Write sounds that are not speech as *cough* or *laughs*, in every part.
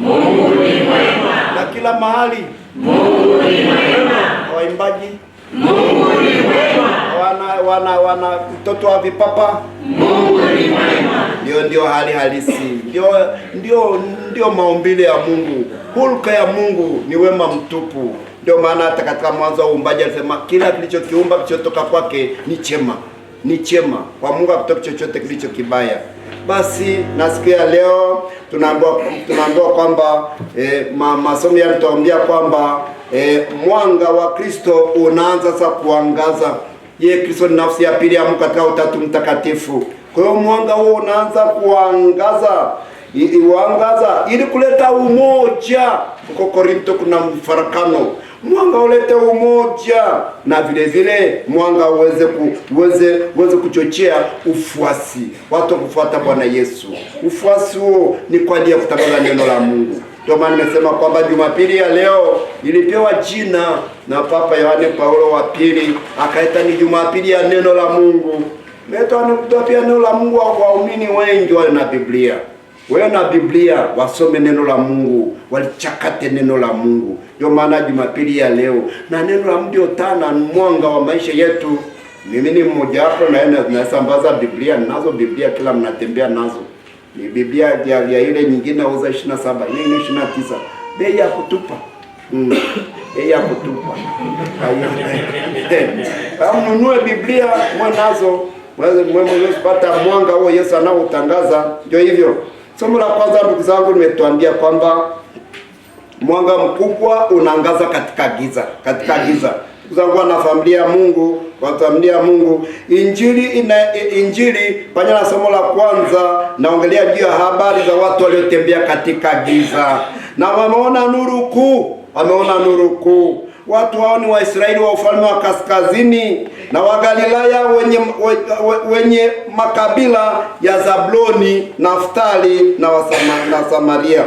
Mungu ni mwema. Na kila mahali Mungu ni mwema. Waimbaji Mungu ni mwema. Wana wana wana mtoto wa vipapa Mungu ni mwema. Ndio ndio hali halisi. Ndio ndio ndio maumbile ya Mungu. Hulka ya Mungu ni wema mtupu. Ndio maana hata katika mwanzo wa uumbaji alisema kila kilichokiumba kilichotoka kwake ni chema. Ni chema. Kwa Mungu hakutoki chochote kilicho kibaya. Basi na ya leo tunaambiwa tunaambiwa kwamba eh, masomo yanatuambia kwamba eh, mwanga wa Kristo unaanza sasa kuangaza. Ye Kristo ni nafsi ya pili ya Mungu katika Utatu Mtakatifu. Kwa hiyo mwanga huo unaanza kuangaza iwangaza ili kuleta umoja. Huko Korinto kuna mfarakano mwanga ulete umoja na vile vile mwanga uweze ku, uweze, uweze kuchochea ufuasi watu kufuata Bwana Yesu. Ufuasi huo ni kwa ajili ya kutangaza neno la Mungu. Ndio maana nimesema kwamba Jumapili ya leo ilipewa jina na Papa Yohane Paulo wa pili akaita ni Jumapili ya neno la Mungu. Meta ni pia neno la Mungu kwa waumini wengi na Biblia. Wewe na Biblia wasome neno la Mungu, walichakate neno la Mungu. Ndio maana Jumapili ya leo na neno la Mungu tana mwanga wa maisha yetu. Mimi ni mmoja wapo na yeye nasambaza Biblia, nazo Biblia kila mnatembea nazo. Ni Biblia ya, ya ile nyingine auza 27, hii ni 29. Bei ya kutupa. Mm. Bei ya kutupa. Hayo. Mnunue Biblia mwanazo. Mwewe mwewe pata mwanga huo Yesu anaotangaza. Ndio hivyo. Somo la kwanza, ndugu zangu, nimetuambia kwamba mwanga mkubwa unaangaza katika giza, katika giza. Ndugu zangu, wana familia Mungu, watu wa familia Mungu, injili ina injili pamoja na somo la kwanza, naongelea juu ya habari za watu waliotembea katika giza na wameona nuru kuu, wameona nuru kuu Watu hao ni Waisraeli wa ufalme wa kaskazini na Wagalilaya wenye, wenye makabila ya Zabloni, Naftali na, wasama, na Samaria.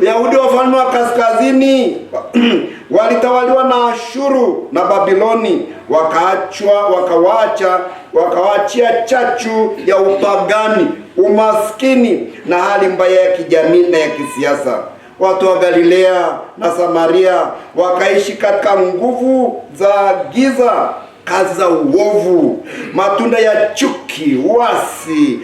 Wayahudi wa ufalme wa kaskazini *clears throat* walitawaliwa na Ashuru na Babiloni, wakaachwa wakawacha wakawachia chachu ya upagani, umaskini na hali mbaya ya kijamii na ya kisiasa watu wa Galilea na Samaria wakaishi katika nguvu za giza, kazi za uovu, matunda ya chuki, uasi,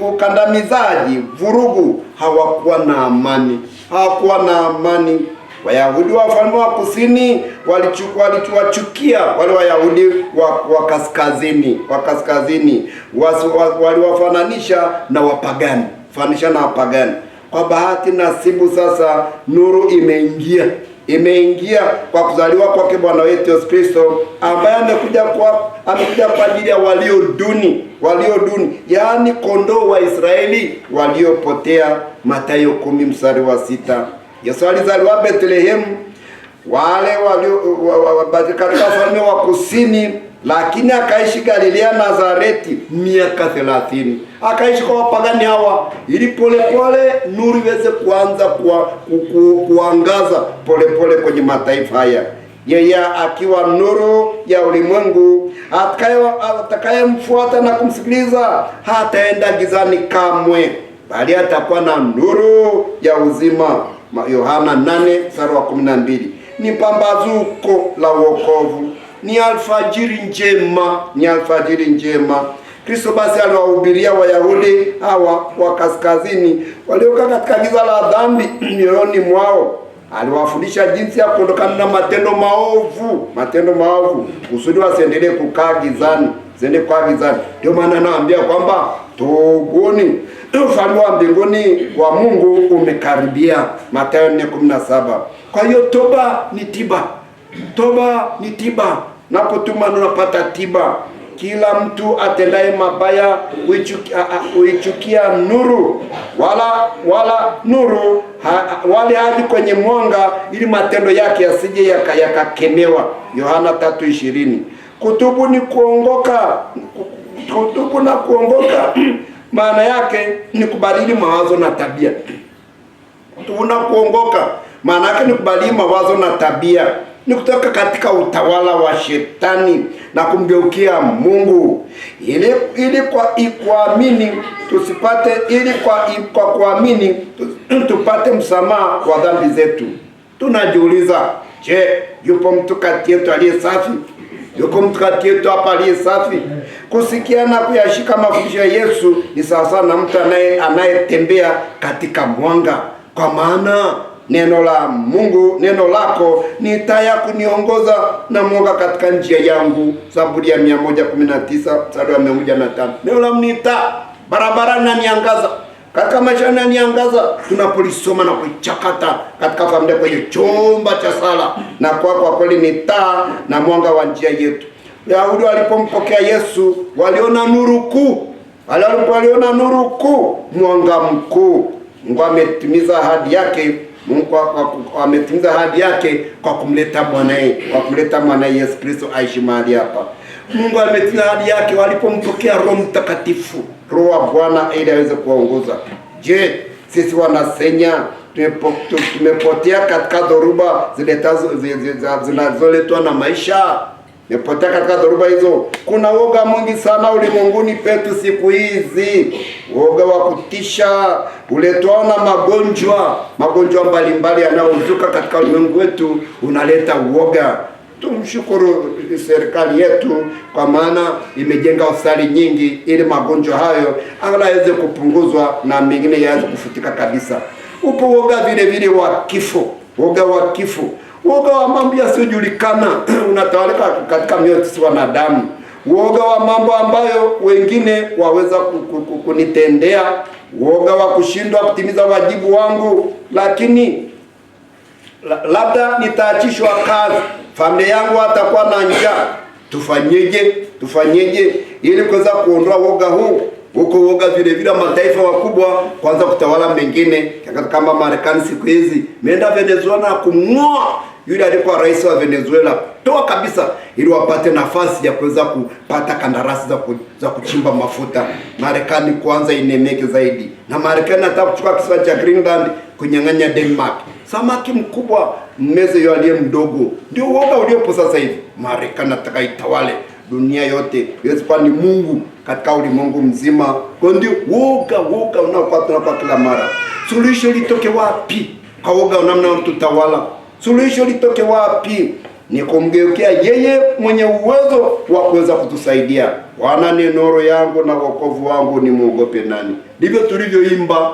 ukandamizaji, vurugu. Hawakuwa na amani, hawakuwa na amani. Wayahudi wa ufalme wa kusini waliwachukia wale Wayahudi wa kaskazini, wa kaskazini waliwafananisha na wapagani, fananisha na wapagani kwa bahati nasibu, sasa nuru imeingia imeingia kwa kuzaliwa kwake Bwana wetu Yesu Kristo, ambaye amekuja kwa amekuja kwa ajili ya walio duni, walio duni, yaani kondoo wa Israeli waliopotea. Mathayo kumi mstari wa sita. Yesu alizaliwa Bethlehemu, wale walio katika ufalme wa kusini lakini akaishi Galilea Nazareti miaka thelathini. Akaishi kwa wapagani hawa ili polepole nuru iweze kuanza kwa kuangaza polepole kwenye mataifa haya, yeye akiwa nuru ya ulimwengu. Atakayemfuata na kumsikiliza hataenda gizani kamwe, bali atakuwa na nuru ya uzima. Yohana 8 Ni pambazuko la wokovu ni alfajiri njema, ni alfajiri njema. Kristo basi aliwahubiria Wayahudi hawa wa kaskazini waliokaa katika giza la dhambi *clears throat* mioyoni mwao. Aliwafundisha jinsi ya kuondokana na matendo maovu, matendo maovu, kusudi wasiendelee kukaa gizani, zende kukaa gizani. Ndio maana naambia kwamba tubuni, *clears throat* ufalme wa mbinguni wa Mungu umekaribia, Mathayo 4:17. Kwa hiyo toba ni tiba Toba ni tiba, kutuma unapata tiba. Kila mtu atendaye mabaya huichukia, nuru wala wala nuru ha, wale hadi kwenye mwanga, ili matendo yake yasije yakakemewa Yohana 3:20. Kutubu ni kuongoka, kutubu na *clears throat* kuongoka maana yake ni kubadili mawazo na tabia. Kutubu na kuongoka maana yake ni kubadili mawazo na tabia ni kutoka katika utawala wa shetani na kumgeukia Mungu, ili ili kwa kuamini tusipate ili kwa kwa kuamini tupate msamaha wa dhambi zetu. Tunajiuliza, je, yupo mtu kati yetu aliye safi? Yuko mtu kati yetu hapa aliye safi? Kusikia na kuyashika mafundisho ya Yesu ni sawasawa na mtu anayetembea katika mwanga, kwa maana Neno la Mungu, neno lako ni taa ya kuniongoza na mwanga katika njia yangu. Zaburi ya 119 mstari wa 105. Neno la ni taa barabara na niangaza katika maisha na niangaza, tunapolisoma na kuichakata katika familia, kwenye chumba cha sala na kwa kwa kweli ni taa na mwanga wa njia yetu. Yahudi walipompokea Yesu waliona nuru kuu, waliona nuru kuu, mwanga mkuu. Mungu ametimiza ahadi yake Mungu ametimiza ahadi yake kwa kumleta mwanae, kwa kumleta mwanae Yesu Kristo aishi mahali hapa. Mungu ametimiza ahadi yake walipompokea Roho Mtakatifu, Roho wa Bwana ili aweze kuongoza. Je, sisi wanasenya tumepotea katika dhoruba zinazoletwa na maisha? Nipotea katika dhoruba hizo. Kuna woga mwingi sana ulimwenguni petu siku hizi, woga wa kutisha uletwao na magonjwa, magonjwa mbalimbali yanayozuka katika ulimwengu wetu, unaleta woga Tumshukuru serikali yetu kwa maana imejenga hospitali nyingi, ili magonjwa hayo angalau yaweze kupunguzwa na mengine yaweze kufutika kabisa. Upo woga vile vile wa kifo, woga wa kifo Uoga wa mambo yasiyojulikana *clears throat* unatawalika katika mioyo ya wanadamu. Uoga wa mambo ambayo wengine waweza kunitendea, uoga wa kushindwa kutimiza wajibu wangu, lakini labda nitaachishwa kazi, familia yangu atakuwa na njaa. Tufanyeje? Tufanyeje ili kuweza kuondoa uoga huu? Huko uoga vile vile mataifa wakubwa kwanza kutawala mengine, kama Marekani siku hizi imeenda Venezuela na kumng'oa yule alikuwa rais wa Venezuela toa kabisa, ili wapate nafasi ya kuweza kupata kandarasi za, ku, za kuchimba mafuta. Marekani kwanza inemeke zaidi, na Marekani nataka kuchukua kisiwa cha Greenland kunyang'anya Denmark. Samaki mkubwa mmeze yule aliye mdogo, ndio uoga uliopo sasa hivi. Marekani nataka itawale dunia yote, iwezi kuwa ni Mungu katika ulimwengu mzima, kwa ndio woga woga unaokuwa tunakuwa kila mara. Suluhisho litoke wapi? kwa woga namna tutawala Suluhisho litoke wapi? Ni kumgeukea yeye mwenye uwezo wa kuweza kutusaidia. Bwana ni nuru yangu na wokovu wangu, ni muogope nani? Ndivyo tulivyoimba,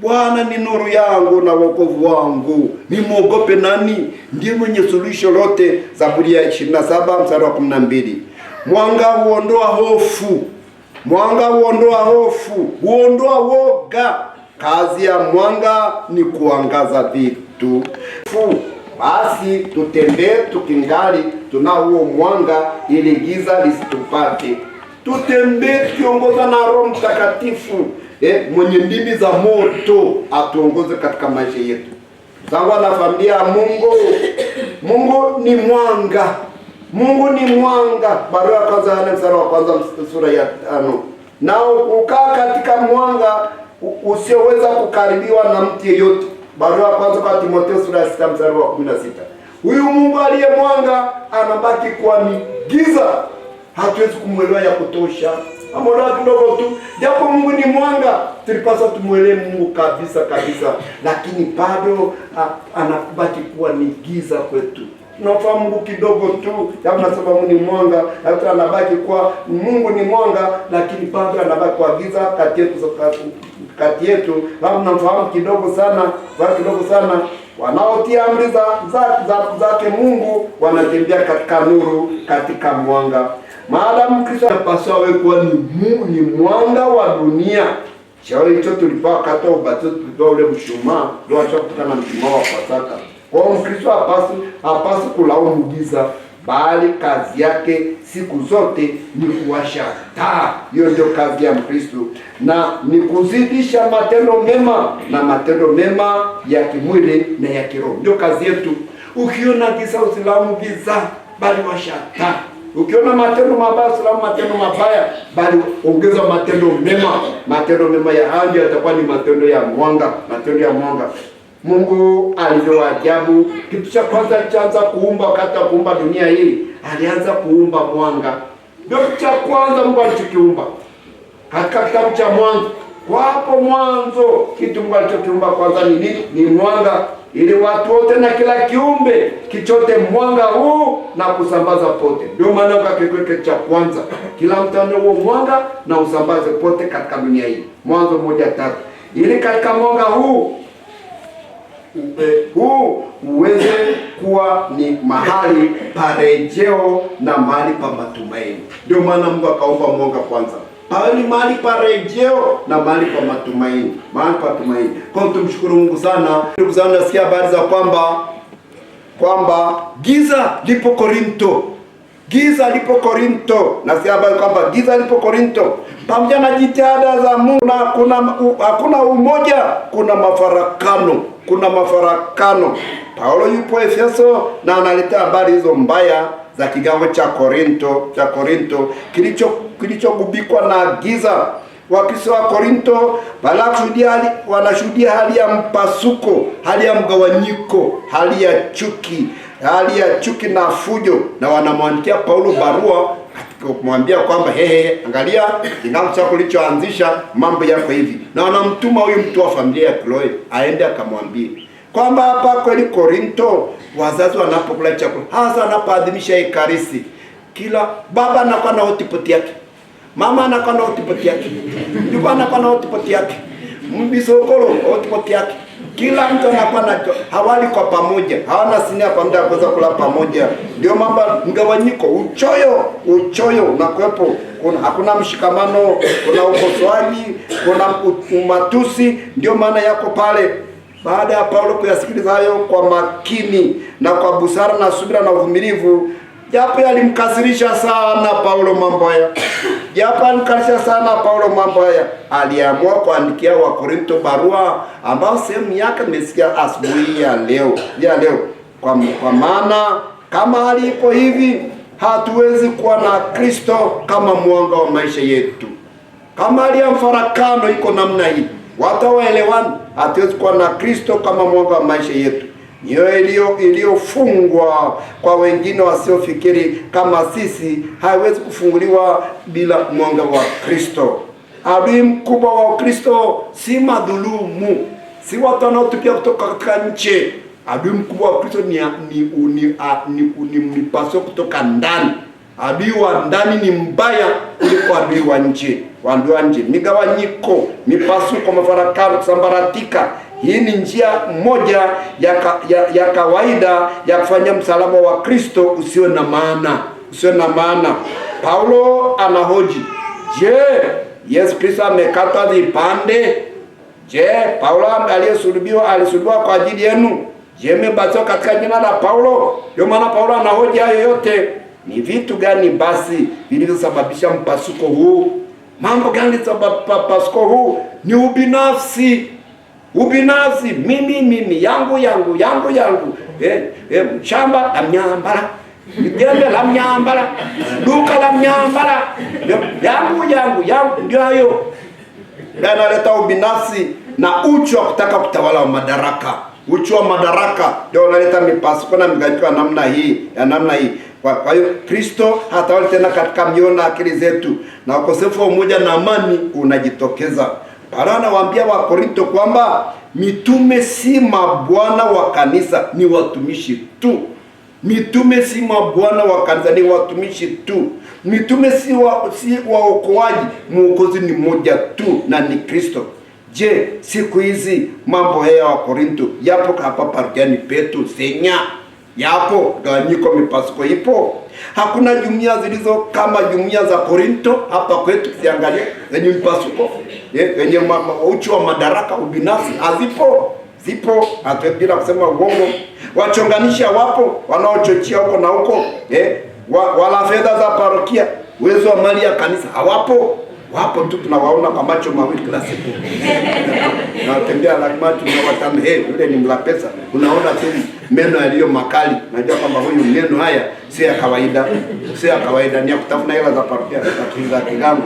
Bwana ni nuru yangu na wokovu wangu, ni muogope nani? Ndiye mwenye suluhisho lote. Zaburi ya 27 mstari wa 12, mwanga huondoa hofu, mwanga huondoa hofu, huondoa woga. Kazi ya mwanga ni kuangaza vitu Fu basi tutembee tukingali tunao huo mwanga, ili giza lisitupate. Tutembee tukiongoza na Roho Mtakatifu eh, mwenye ndimi za moto atuongoze katika maisha yetu. Zangu na familia Mungu, Mungu ni mwanga, Mungu ni mwanga. Barua ya kwanza Yohana mstari wa kwanza sura ya tano. Na ukaa katika mwanga usioweza kukaribiwa na mtu yeyote barua ya kwanza kwa Timotheo sura ya sita mstari wa kumi na sita. Huyu Mungu aliye mwanga anabaki kuwa ni giza, hatuwezi kumwelewa ya kutosha, amona kidogo tu, japo Mungu ni mwanga, tulipaswa tumwelee Mungu kabisa kabisa, lakini bado anabaki kuwa ni giza kwetu. Tunatoa Mungu kidogo tu, yaani nasema sababu ni mwanga, lakini anabaki kwa Mungu ni mwanga, lakini bado anabaki kwa giza kati yetu kati yetu. Labda mnafahamu kidogo sana, bado kidogo sana wanaotia amri za zake Mungu wanatembea katika nuru, katika mwanga. Maadamu Kristo anapaswa awe kuwa ni Mungu ni mwanga wa dunia. Shauri hicho tulipaa kata wa ubatizo, tulipewa ule mshumaa, ndio wachakutana mshumaa wa Pasaka. Kwa hiyo Mkristo hapaswi hapaswi kulaumu giza, bali kazi yake siku zote ni kuwashataa. Hiyo ndio kazi ya Mkristo, na ni kuzidisha matendo mema na matendo mema ya kimwili na ya kiroho, ndio kazi yetu. Ukiona giza usilaumu giza, bali taa. Ukiona matendo mabaya usilaumu matendo mabaya, bali ongeza matendo mema. Matendo mema ya hayo yatakuwa ni matendo ya mwanga, matendo ya mwanga. Mungu alivyo Kitu cha kwanza alichoanza kuumba wakati wa kuumba dunia hii, alianza kuumba mwanga. Ndio kitu cha kwanza Mungu alichokiumba. Katika kitabu cha Mwanzo, Wapo mwanzo, kitu Mungu alichokiumba kwanza ni nini? Ni mwanga, ili watu wote na kila kiumbe kichote mwanga huu na kusambaza pote. Ndio maana ukakiweke cha kwanza, kila mtu ane huo mwanga na usambaze pote katika dunia hii. Mwanzo moja tatu, ili katika mwanga huu huu uweze kuwa ni mahali pa rejeo na mahali pa matumaini. Ndio maana Mungu akaumba mwanga kwanza, pawe ni mahali pa rejeo na mahali pa matumaini, mahali pa tumaini. Kwa tumshukuru Mungu sana. Ndugu zangu, nasikia habari za kwamba kwamba giza lipo Korinto. Giza lipo Korinto, na si habari kwamba giza lipo Korinto. Pamoja na jitihada za Mungu na kuna, hakuna umoja, kuna mafarakano, kuna mafarakano. Paulo yupo Efeso na analetea habari hizo mbaya za kigango cha Korinto cha Korinto kilicho kilichogubikwa na giza wapisi wa Korinto wanashuhudia hali ya mpasuko, hali ya mgawanyiko, hali ya chuki, hali ya chuki na fujo, na wanamwandikia Paulo barua kumwambia kwamba hehe, angalia kingavu chako kilichoanzisha mambo yako hivi, na wanamtuma huyu mtu wa familia ya Chloe aende akamwambie kwamba hapa kweli Korinto, wazazi wanapokula chakula, hasa wanapoadhimisha Ekaristi, kila baba anakuwa na hotipoti yake mama anakwenda otipoti yake, yuko anakwenda otipoti yake, mbisokolo otipoti yake. Kila mtu anakuwa na hawali kwa pamoja, hawana sinia pamoja ya kuweza kula pamoja. Ndio mambo mgawanyiko, uchoyo, uchoyo unakuwepo. Kuna hakuna mshikamano, kuna ukosoaji, kuna umatusi. Ndio maana yako pale. Baada ya Paulo kuyasikiliza hayo kwa makini na kwa busara na subira na uvumilivu Japo alimkasirisha sana Paulo mambo haya. Japo alimkasirisha sana Paulo mambo haya. Aliamua kuandikia wa Korinto barua ambao sehemu yake mesikia asubuhi ya leo. Ya leo. Kwa, kwa maana kama alipo hivi hatuwezi kuwa na Kristo kama mwanga wa maisha yetu. Kama hali ya mfarakano iko namna hii, watu waelewani hatuwezi kuwa na Kristo kama mwanga wa maisha yetu mioyo iliyofungwa kwa wengine wasiofikiri kama sisi haiwezi kufunguliwa bila mwanga wa Kristo. Adui mkubwa wa Ukristo si madhulumu, si watu wanaotupia kutoka katika nchi. Adui mkubwa wa Kristo ni unipasio kutoka ndani. Adui wa ndani ni mbaya kuliko adui wa nje. wandu wa nje migawanyiko, mipasuko, mafarakano, kusambaratika hii ni njia moja ya, ka, ya, ya kawaida ya kufanya msalaba wa Kristo usio na maana, usio na maana. Paulo anahoji, je, Yesu Kristo amekata vipande? Je, Paulo aliyesulubiwa alisulubiwa kwa ajili yenu? Je, mmebatizwa katika jina la Paulo? Ndio maana Paulo anahoji hayo yote. Ni vitu gani basi vilivyosababisha mpasuko huu? Mambo gani sababu pasuko huu? Ni ubinafsi ubinafsi, mimi mimi, yangu yangu yangu yangu, eh, eh, shamba la mnyambara, jembe la mnyambara, duka la mnyambara, yangu yangu yangu, ndio hayo yanaleta ubinafsi na uchu wa kutaka kutawala wa madaraka. Uchu wa madaraka ndio unaleta mipasuko na migawanyiko ya namna hii ya namna hii. Kwa hiyo Kristo hatawali tena katika mioyo na akili zetu, na ukosefu wa umoja na amani unajitokeza. Paulo anawaambia wa Korinto kwamba mitume si mabwana wa kanisa, ni watumishi tu. Mitume si mabwana wa kanisa, ni watumishi tu. Mitume si wa, si waokoaji, mwokozi ni mmoja tu na ni Kristo. Je, siku hizi mambo haya wa Korinto yapo hapa parokiani petu Senya? Yapo gawanyiko, mipasuko ipo. Hakuna jumuiya zilizo kama jumuiya za Korinto hapa kwetu, tukiangalia zenye mipasuko yenye eh, uchu wa madaraka, ubinafsi, hazipo zipo, bila kusema uongo. Wachonganisha wapo, wanaochochea huko na huko eh, wala fedha za parokia, uwezo wa mali ya kanisa hawapo wapo tu tunawaona kwa macho mawili kila siku *laughs* natembea na macho na watamhe, yule ni mla pesa, unaona tena meno yaliyo makali, najua kwamba huyu meno haya si ya kawaida, si ya kawaida, ni ya kutafuna hela za za kigango.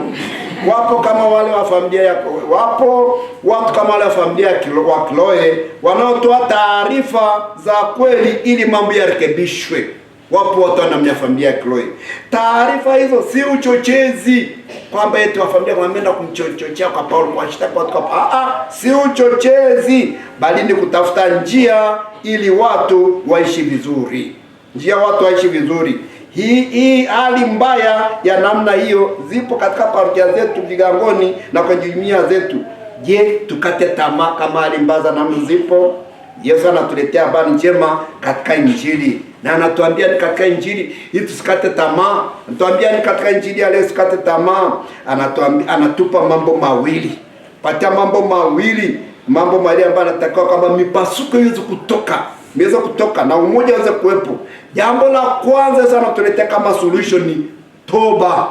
Wapo kama wale wa familia yako, wapo watu kama wale wa familia wa Kilohe wanaotoa taarifa za kweli ili mambo yarekebishwe. Wapo watu wanamnya familia Chloe. Taarifa hizo si uchochezi kwamba eti wafamilia wameenda kumchochochea kwa Paulo kwa shitaka kwa watu kwa a ah, ah, si uchochezi bali ni kutafuta njia ili watu waishi vizuri. Njia watu waishi vizuri. Hii hii hali mbaya ya namna hiyo zipo katika parokia zetu Vigangoni na kwa jumuiya zetu. Je, tukate tamaa kama hali mbaya namna zipo? Yesu anatuletea habari njema katika Injili na anatuambia ni katika injili hii tusikate tamaa, anatuambia ni katika injili ya leo sikate tamaa. Anatuambia, anatupa mambo mawili, patia mambo mawili, mambo mawili ambayo anatakiwa kwamba mipasuko iweze kutoka, iweze kutoka na umoja uweze kuwepo. Jambo la kwanza sana tuletea kama solution ni toba,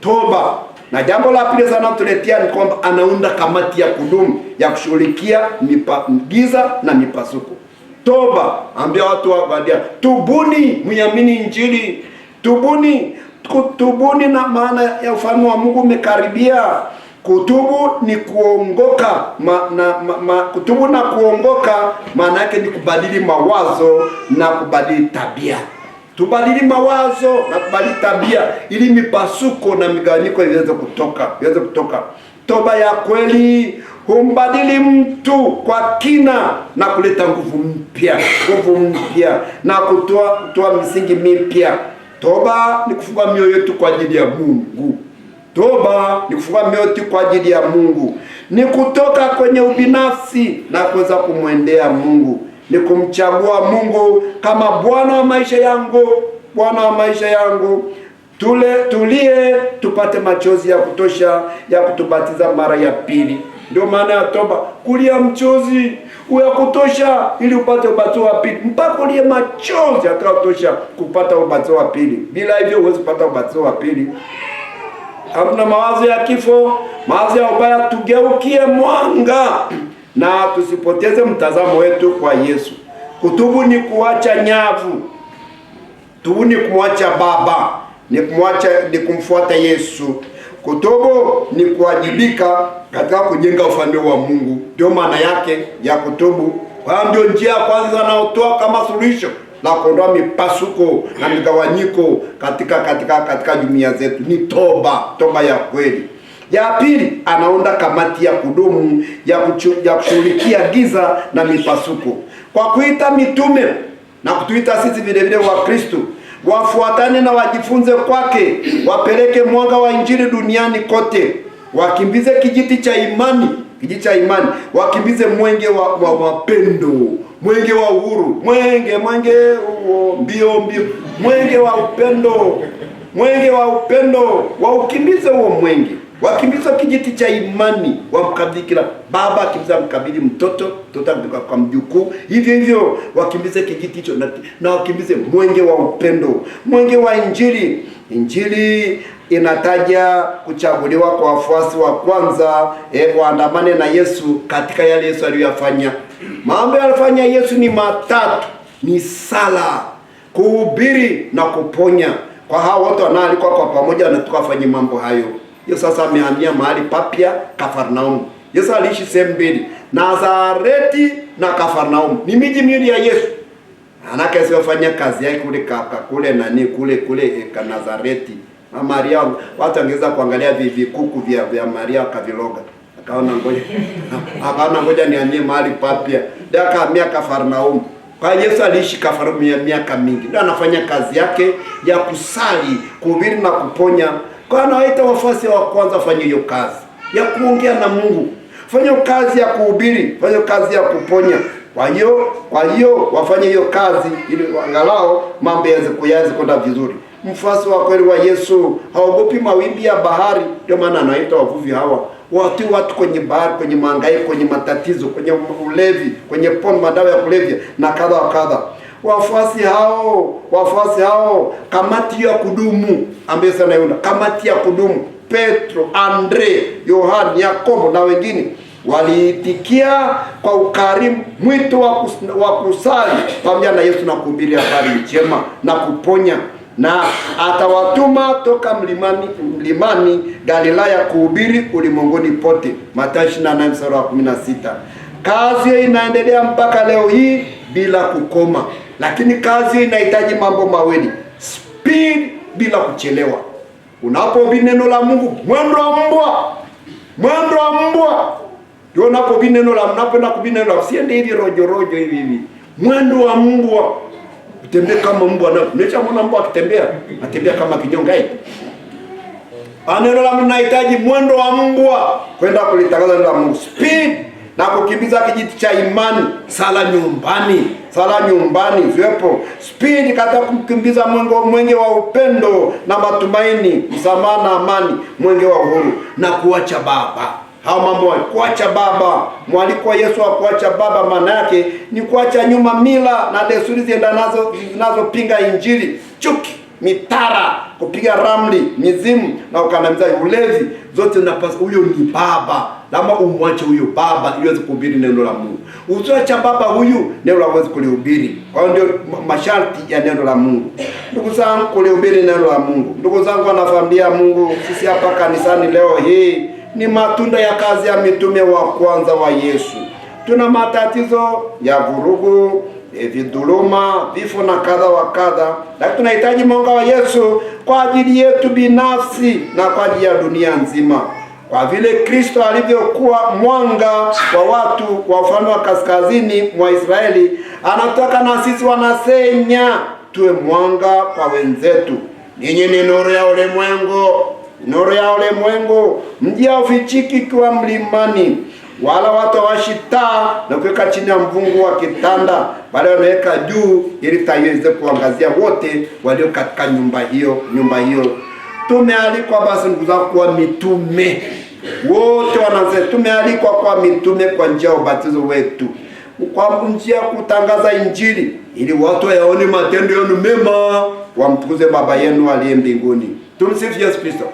toba na jambo la pili sana tuletea ni kwamba anaunda kamati ya kudumu ya kushughulikia giza na mipasuko toba, ambia watu wa Vadia, tubuni, mwiamini Injili, tubuni. Kutubuni na maana ya ufalme wa Mungu umekaribia. Kutubu ni kuongoka ma, na, ma, ma, kutubu na kuongoka maana yake ni kubadili mawazo na kubadili tabia. Tubadili mawazo na kubadili tabia ili mipasuko na migawanyiko iweze kutoka, iweze kutoka. Toba ya kweli humbadili mtu kwa kina na kuleta nguvu mpya, nguvu mpya na kutoa kutoa misingi mipya. Toba ni kufunga mioyo yetu kwa ajili ya Mungu. Toba ni kufunga mioyo yetu kwa ajili ya Mungu, ni kutoka kwenye ubinafsi na kuweza kumwendea Mungu, ni kumchagua Mungu kama Bwana wa maisha yangu, Bwana wa maisha yangu. Tule, tulie tupate machozi ya kutosha ya kutubatiza mara ya pili. Ndio maana ya toba, kulia mchozi uyakutosha ili upate ubatizo wa pili, mpaka ulie machozi atakayotosha kupata ubatizo wa pili. Bila hivyo huwezi kupata ubatizo wa pili. Hamna mawazo ya kifo, mawazo ya ubaya. Tugeukie mwanga na tusipoteze mtazamo wetu kwa Yesu. Kutubu ni kuacha nyavu, tubu ni kumwacha baba, ni kumwacha, ni kumfuata Yesu. Kutubu ni kuwajibika katika kujenga ufalme wa Mungu, ndio maana yake ya kutubu. Kwa ndio njia ya kwanza anaotoa kama suluhisho la kuondoa mipasuko na migawanyiko katika katika katika jumuiya zetu ni toba, toba ya kweli. Ya pili, anaunda kamati ya kudumu ya kushughulikia giza na mipasuko kwa kuita mitume na kutuita sisi vile vile Kristo wafuatane na wajifunze kwake, wapeleke mwanga wa Injili duniani kote, wakimbize kijiti cha imani, kijiti cha imani, wakimbize mwenge wa, wa mapendo, mwenge wa uhuru, mwenge mwenge huo, mbio mbio, mwenge wa upendo, mwenge wa upendo, waukimbize huo mwenge wakimbiza kijiti cha imani, wamkabidhi baba akimbiza mkabidhi mtoto, mtoto akimbiza kwa mjukuu, hivyo hivyo wakimbize kijiti hicho na, na wakimbize mwenge wa upendo, mwenge wa Injili. Injili inataja kuchaguliwa kwa wafuasi wa kwanza eh, waandamane na Yesu katika yale Yesu aliyoyafanya. Mambo aliyofanya Yesu ni matatu: ni sala, kuhubiri na kuponya. Kwa hao wote wanaalikwa kwa pamoja, wanatakiwa mambo hayo. Yesu sasa amehamia mahali papya Kafarnaum. Yesu aliishi sehemu mbili, Nazareti na Kafarnaum, ni miji miwili ya Yesu. Anaka Yesu afanya kazi yake kule kaka kule nani kule kule e, ka Nazareti. Na Maria watu angeza kuangalia vikuku vya vya Maria kaviloga. Akaona ngoja. *laughs* Akaona ngoja nihamie mahali papya. Ndio akahamia Kafarnaum. Kwa Yesu aliishi ya miaka mingi. Ndio anafanya kazi yake ya kusali, kuhubiri na kuponya kwa anawaita wafuasi wa kwanza wafanye hiyo kazi ya kuongea na Mungu, fanye kazi ya kuhubiri, fanye kazi ya kuponya. Kwa hiyo kwa hiyo wafanye hiyo kazi ili angalau mambo yaweze kuyaanze kwenda vizuri. Mfuasi wa kweli wa Yesu haogopi mawimbi ya bahari. Ndio maana anaita wavuvi hawa wati watu kwenye bahari, kwenye mahangaiko, kwenye matatizo, kwenye ulevi, kwenye pombe, madawa ya kulevya na kadha wa kadha wafuasi hao, wafuasi hao, kamati ya kudumu ambesa sana kamati ya kudumu Petro, Andre, Yohani, Yakobo na wengine waliitikia kwa ukarimu mwito wa kusali pamoja na Yesu na kuhubiri habari njema na kuponya, na atawatuma toka mlimani mlimani Galilaya kuhubiri ulimwenguni pote, Mathayo 28:16. Kazi inaendelea mpaka leo hii bila kukoma lakini kazi inahitaji mambo mawili, speed bila kuchelewa. Unapohubiri neno la Mungu, mwendo wa mbwa, mwendo wa mbwa ndio unapohubiri neno la, mnapenda kuhubiri neno la, usiende hivi rojo rojo hivi hivi, mwendo wa mbwa, utembee kama mbwa. Na mbona mbwa akitembea, atembea kama kinyonga hivi. Ah, neno la Mungu linahitaji mwendo wa mbwa kwenda kulitangaza neno la Mungu, speed na kukimbiza kijiti cha imani, sala nyumbani, sala nyumbani ziwepo spidi katika kukimbiza mwenge, mwenge wa upendo na matumaini, msamaha na amani, mwenge wa uhuru na kuacha baba hao mambo kuacha baba. Mwaliko wa Yesu wa kuacha baba maana yake ni kuacha nyuma mila na desturi ziendanazo zinazopinga Injili, chuki, mitara, kupiga ramli, mizimu na ukandamizaji, ulevi, zote huyo ni baba Lama umwache huyu baba ili uweze kuhubiri neno la Mungu. Usiacha baba huyu neno la uweze kulihubiri. Kwa hiyo ndio masharti ya neno la Mungu. Ndugu zangu, kulihubiri neno la Mungu. Ndugu zangu, wanafamilia Mungu, sisi hapa kanisani leo hii ni matunda ya kazi ya mitume wa kwanza wa Yesu. Tuna matatizo ya vurugu, e, vidhuluma, vifo na kadha wa kadha, lakini tunahitaji mwanga wa Yesu kwa ajili yetu binafsi na kwa ajili ya dunia nzima kwa vile Kristo alivyokuwa mwanga wa watu wa ufalme wa kaskazini mwa Israeli, anataka na sisi wanasenya tuwe mwanga kwa wenzetu. Ninyi ni nuru ya ulimwengu, nuru ya ulimwengu. Mji haufichiki ikiwa mlimani, wala watawashita taa na kuweka chini ya mvungu wa kitanda, bali wameweka juu, ili taa iweze kuangazia wote walio katika nyumba hiyo. Nyumba hiyo tumealikwa basi, ndugu zangu, kuwa mitume wote wanasema tumealikwa kwa mitume kwa njia ya ubatizo wetu kwa njia kutangaza Injili ili watu yaone matendo yenu mema, wamtukuze Baba yenu aliye mbinguni. Tumsifu Yesu Kristo.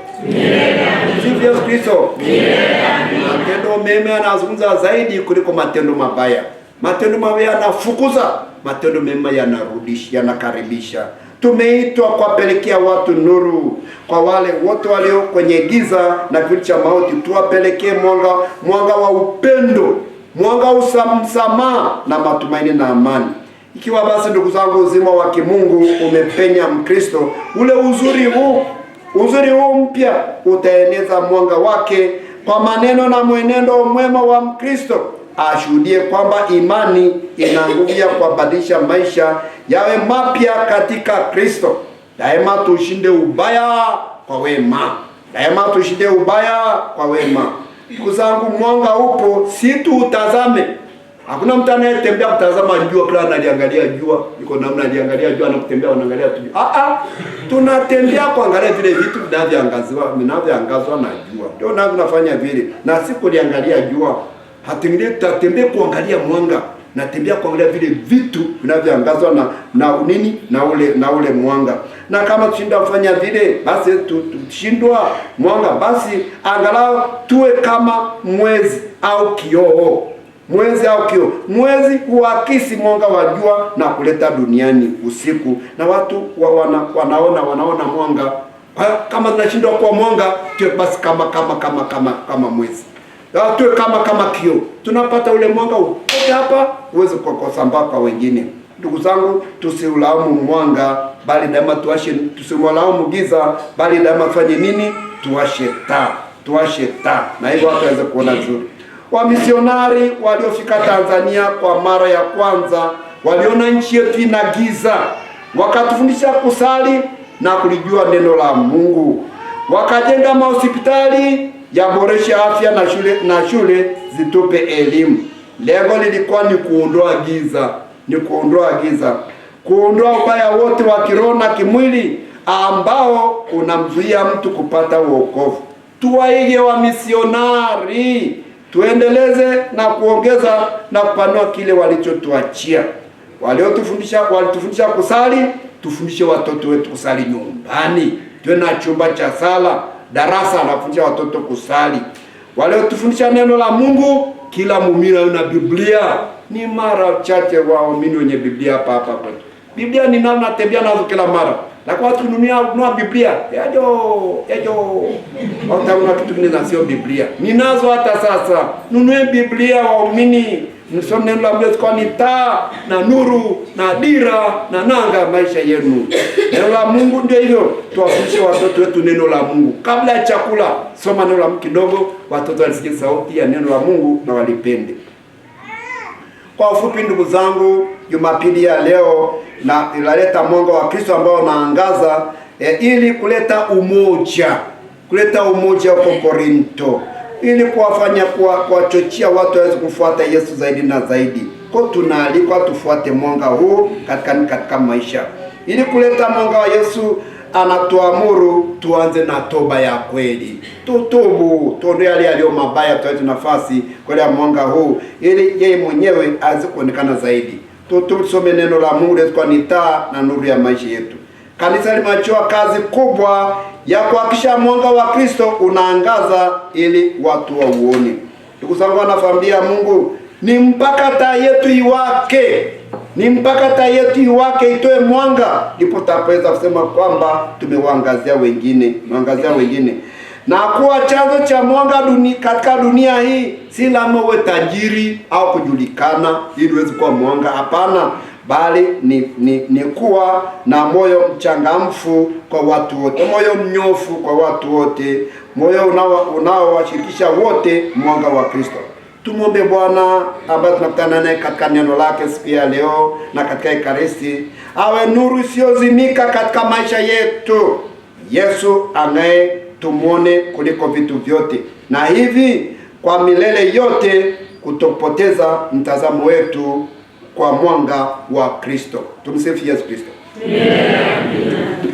Tumsifu Yesu Kristo. Matendo mema yanazungumza zaidi kuliko matendo mabaya. Matendo mabaya yanafukuza, matendo mema yanarudisha, yanakaribisha. Tumeitwa kuwapelekea watu nuru. Kwa wale wote walio kwenye giza na kivuli cha mauti, tuwapelekee mwanga, mwanga wa upendo, mwanga wa msamaha na matumaini na amani. Ikiwa basi, ndugu zangu, uzima wa kimungu umepenya Mkristo, ule uzuri huu uzuri huu mpya utaeneza mwanga wake kwa maneno na mwenendo mwema wa Mkristo ashuhudie kwamba imani ina nguvu ya kubadilisha maisha yawe mapya katika Kristo. Daima tushinde ubaya kwa wema, daima tushinde ubaya kwa wema. Ndugu zangu, mwanga upo, si tu utazame. Hakuna mtu anayetembea kutazama jua, kila analiangalia jua, iko namna analiangalia jua, anakutembea anaangalia tu. Ah ah, tunatembea kuangalia vile vitu vinavyoangaziwa vinavyoangazwa na jua, ndio navyo nafanya vile na si jua hatembee kuangalia mwanga, natembea kuangalia vile vitu vinavyoangazwa na na nini na ule na ule mwanga. Na kama tushinda kufanya vile, basi tushindwa mwanga, basi angalau tuwe kama mwezi au kioo mwezi au kio mwezi huakisi mwanga wa jua na kuleta duniani usiku, na watu wa wana, wanaona wanaona mwanga. Kama tunashindwa kuwa mwanga, tuwe basi kama kama kama kama kama mwezi tuwe kama kama kio, tunapata ule mwanga utoke hapa uweze kuwakosa mpaka wengine. Ndugu zangu, tusiulaumu mwanga, bali daima tuwashe, tusimwalaumu giza, bali daima tufanye nini? Tuwashe taa, tuwashe taa, na hivyo watu waweze kuona vizuri. Wamisionari waliofika Tanzania kwa mara ya kwanza waliona nchi yetu ina giza, wakatufundisha kusali na kulijua neno la Mungu, wakajenga mahospitali yaboresha afya na shule, na shule zitupe elimu. Lengo lilikuwa ni kuondoa giza, ni kuondoa giza, kuondoa ubaya wote wa kiroho na kimwili ambao unamzuia mtu kupata uokovu. Tuwaige wamisionari, tuendeleze na kuongeza na kupanua kile walichotuachia. Waliotufundisha walitufundisha kusali, tufundishe watoto wetu kusali nyumbani, tuwe na chumba cha sala darasa anafundisha watoto kusali. Waliotufundisha neno la Mungu, kila muumini ana Biblia. Ni mara chache waamini wenye Biblia hapa hapa kwetu. Biblia ni nani natembea nazo kila mara. Na kwa watu kununua kununua Biblia, yajo yajo wataona kitu kingine sio Biblia. Ninazo hata sasa. Nunue Biblia waumini ni neno la Mungu kwa ni taa na nuru na dira na nanga maisha yenu. Neno la Mungu ndio hivyo, tuwafundishe watoto wetu neno la Mungu. Kabla ya chakula, soma neno la Mungu kidogo, watoto walisikia sauti ya neno la Mungu na walipende. Kwa ufupi, ndugu zangu, Jumapili ya leo na inaleta mwanga wa Kristo ambao unaangaza e, ili kuleta umoja, kuleta umoja huko Korinto ili kuwafanya kuwachochea watu waweze kufuata Yesu zaidi na zaidi. Kwa tunaalikwa tufuate mwanga huu katika katika maisha. Ili kuleta mwanga wa Yesu, anatuamuru tuanze na toba ya kweli. Tutubu, tuondoe yale yaliyo mabaya, tuache nafasi kwa mwanga huu ili yeye mwenyewe aweze kuonekana zaidi. Tutubu, tusome neno la Mungu kwa ni taa na nuru ya maisha yetu. Kanisa limeachiwa kazi kubwa ya kuhakisha mwanga wa Kristo unaangaza ili watu wauone. Ndugu zangu, anafaambia Mungu ni mpaka taa yetu iwake, ni mpaka taa yetu iwake, itoe mwanga, ndipo tutaweza kusema kwamba tumewangazia wengine, wangazia wengine na kuwa chanzo cha mwanga duni, katika dunia hii. Si lazima uwe tajiri au kujulikana ili uweze kuwa mwanga, hapana bali ni, ni, ni kuwa na moyo mchangamfu kwa watu wote, moyo mnyofu kwa watu wote, moyo unaowashirikisha wote mwanga wa Kristo. Tumwombe Bwana ambaye tunakutana naye katika neno lake siku ya leo na katika Ekaristi, awe nuru isiyozimika katika maisha yetu, Yesu anaye tumwone kuliko vitu vyote, na hivi kwa milele yote, kutopoteza mtazamo wetu kwa mwanga wa Kristo. Tumsifu Yesu Kristo. Amen.